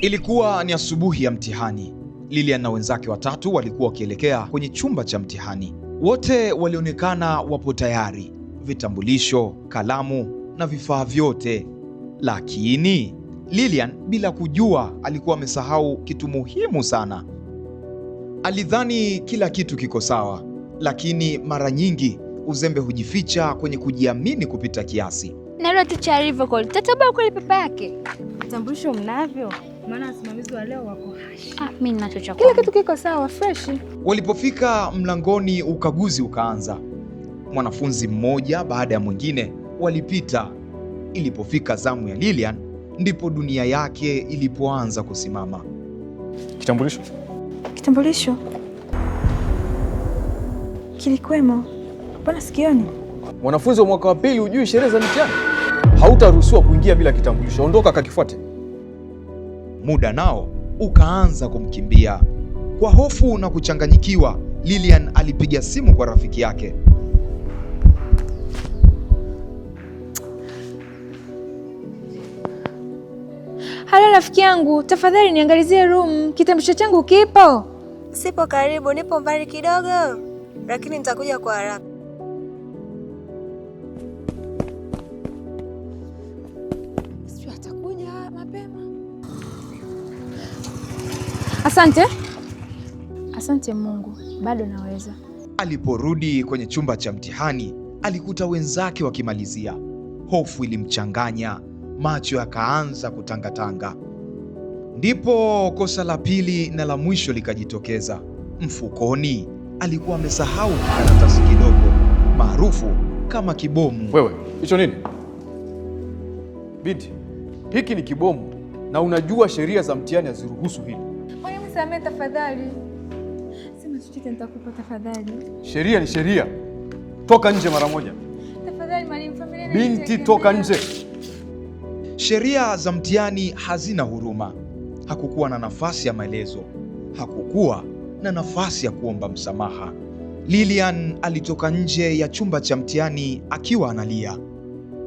Ilikuwa ni asubuhi ya mtihani. Lilian na wenzake watatu walikuwa wakielekea kwenye chumba cha mtihani. Wote walionekana wapo tayari, vitambulisho, kalamu na vifaa vyote, lakini Lilian bila kujua alikuwa amesahau kitu muhimu sana. Alidhani kila kitu kiko sawa, lakini mara nyingi uzembe hujificha kwenye kujiamini kupita kiasi. Narua ticha alivyo, tatabaa kweli papa yake. Vitambulisho mnavyo? maana wasimamizi wa leo wako Ah, mimi ninacho kila kitu kiko sawa fresh. Walipofika mlangoni, ukaguzi ukaanza. Mwanafunzi mmoja baada ya mwingine walipita. Ilipofika zamu ya Lilian, ndipo dunia yake ilipoanza kusimama. Kitambulisho, kitambulisho kilikwemo, Bwana sikioni? Mwanafunzi wa mwaka wa pili, hujui sherehe za mitihani? Hautaruhusiwa kuingia bila kitambulisho. Ondoka, kakifuate muda nao ukaanza kumkimbia. Kwa hofu na kuchanganyikiwa, Lilian alipiga simu kwa rafiki yake. Halo rafiki yangu, tafadhali niangalizie room, kitambulisho changu kipo? Sipo karibu, nipo mbali kidogo, lakini nitakuja kwa haraka. Asante, asante Mungu, bado naweza. Aliporudi kwenye chumba cha mtihani, alikuta wenzake wakimalizia. Hofu ilimchanganya, macho yakaanza kutangatanga. Ndipo kosa la pili na la mwisho likajitokeza. Mfukoni alikuwa amesahau karatasi kidogo maarufu kama kibomu. Wewe, hicho nini? Binti, hiki ni kibomu na unajua sheria za mtihani haziruhusu hili nisamee tafadhali. Sema chochote nitakupa tafadhali. Sheria ni sheria. Toka nje mara moja. Tafadhali mwalimu, familia binti, toka nje. Sheria za mtihani hazina huruma. Hakukuwa na nafasi ya maelezo, hakukuwa na nafasi ya kuomba msamaha. Lilian alitoka nje ya chumba cha mtihani akiwa analia,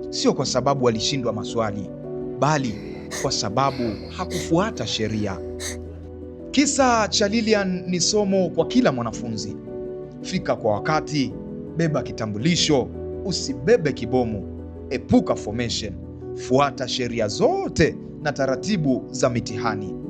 sio kwa sababu alishindwa maswali, bali kwa sababu hakufuata sheria. Kisa cha Lilian ni somo kwa kila mwanafunzi. Fika kwa wakati, beba kitambulisho, usibebe kibomu, epuka formation, fuata sheria zote na taratibu za mitihani.